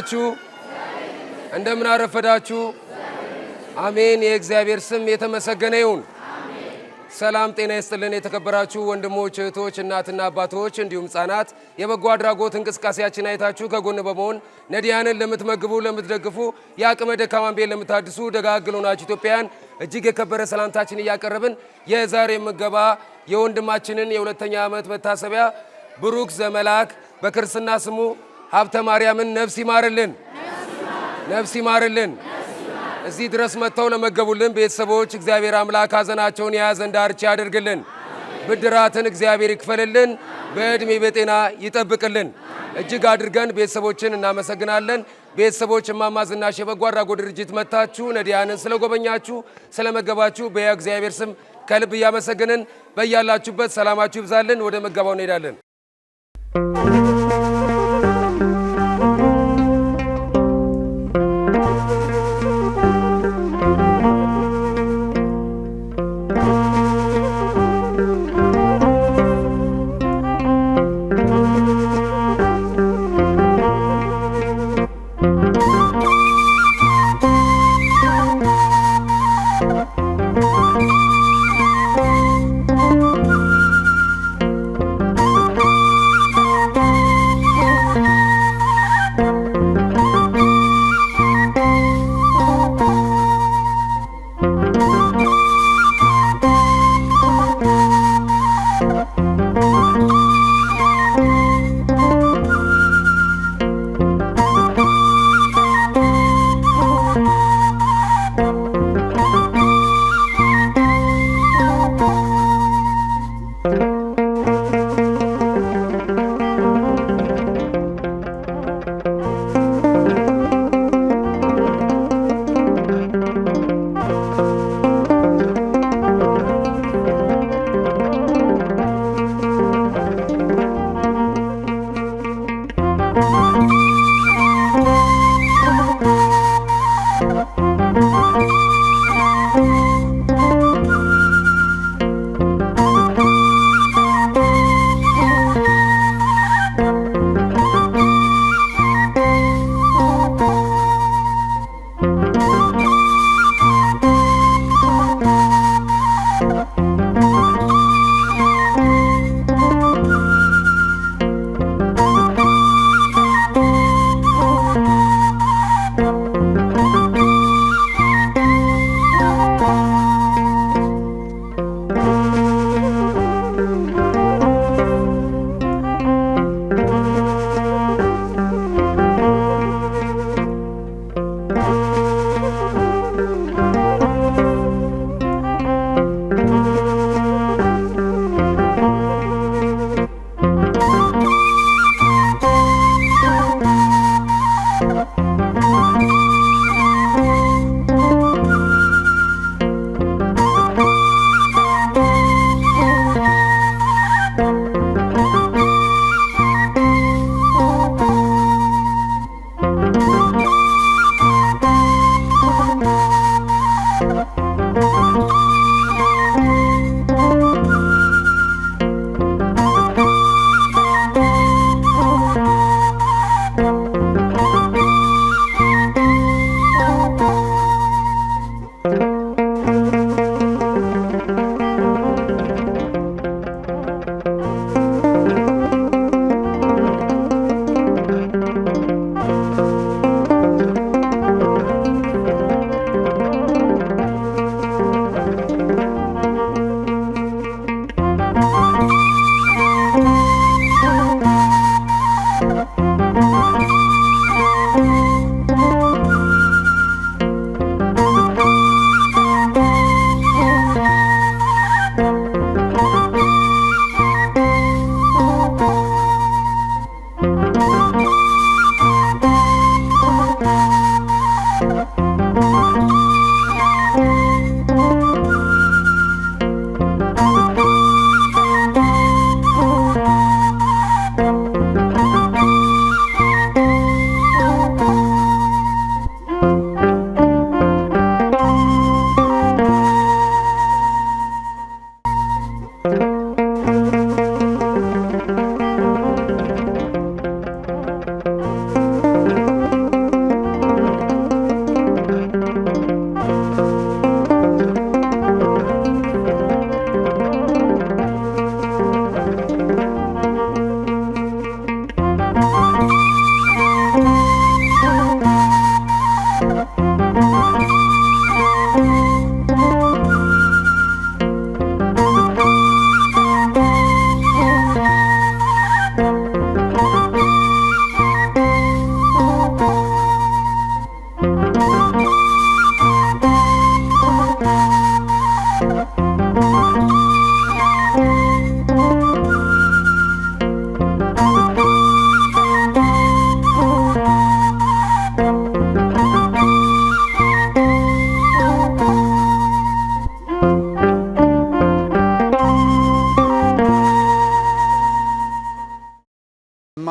ናችሁ? እንደምን አረፈዳችሁ? አሜን። የእግዚአብሔር ስም የተመሰገነ ይሁን። ሰላም ጤና ይስጥልን። የተከበራችሁ ወንድሞች፣ እህቶች፣ እናትና አባቶች እንዲሁም ህጻናት የበጎ አድራጎት እንቅስቃሴያችን አይታችሁ ከጎን በመሆን ነዲያንን ለምትመግቡ፣ ለምትደግፉ የአቅመ ደካማን ቤት ለምታድሱ ደጋግሎ ናችሁ ኢትዮጵያውያን እጅግ የከበረ ሰላምታችን እያቀረብን የዛሬ ምገባ የወንድማችንን የሁለተኛ ዓመት መታሰቢያ ብሩክ ዘመላክ በክርስትና ስሙ ሀብተ ማርያምን ነፍስ ይማርልን፣ ነፍስ ይማርልን። እዚህ ድረስ መጥተው ለመገቡልን ቤተሰቦች እግዚአብሔር አምላክ ሐዘናቸውን የያዘን ዳርቻ ያደርግልን፣ ብድራትን እግዚአብሔር ይክፈልልን፣ በዕድሜ በጤና ይጠብቅልን። እጅግ አድርገን ቤተሰቦችን እናመሰግናለን። ቤተሰቦች እማማ ዝናሽ የበጎ አድራጎት ድርጅት መታችሁ ነዲያንን ስለጎበኛችሁ ስለመገባችሁ በእግዚአብሔር ስም ከልብ እያመሰገንን በያላችሁበት ሰላማችሁ ይብዛልን። ወደ መገባው እንሄዳለን።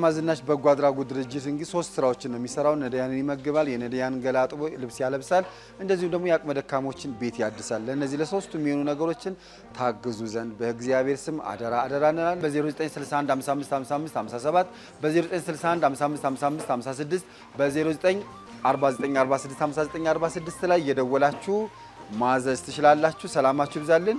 ውጤታማ ዝናሽ በጎ አድራጎት ድርጅት እንግዲህ ሶስት ስራዎችን ነው የሚሰራው። ነዳያንን ይመግባል፣ የነዳያን ገላጥቦ ልብስ ያለብሳል፣ እንደዚሁም ደግሞ የአቅመ ደካሞችን ቤት ያድሳል። ለእነዚህ ለሶስቱ የሚሆኑ ነገሮችን ታግዙ ዘንድ በእግዚአብሔር ስም አደራ አደራ እንላለን። በ0961 5555 በ0961 5555 በ0949465946 ላይ እየደወላችሁ ማዘዝ ትችላላችሁ። ሰላማችሁ ይብዛልን።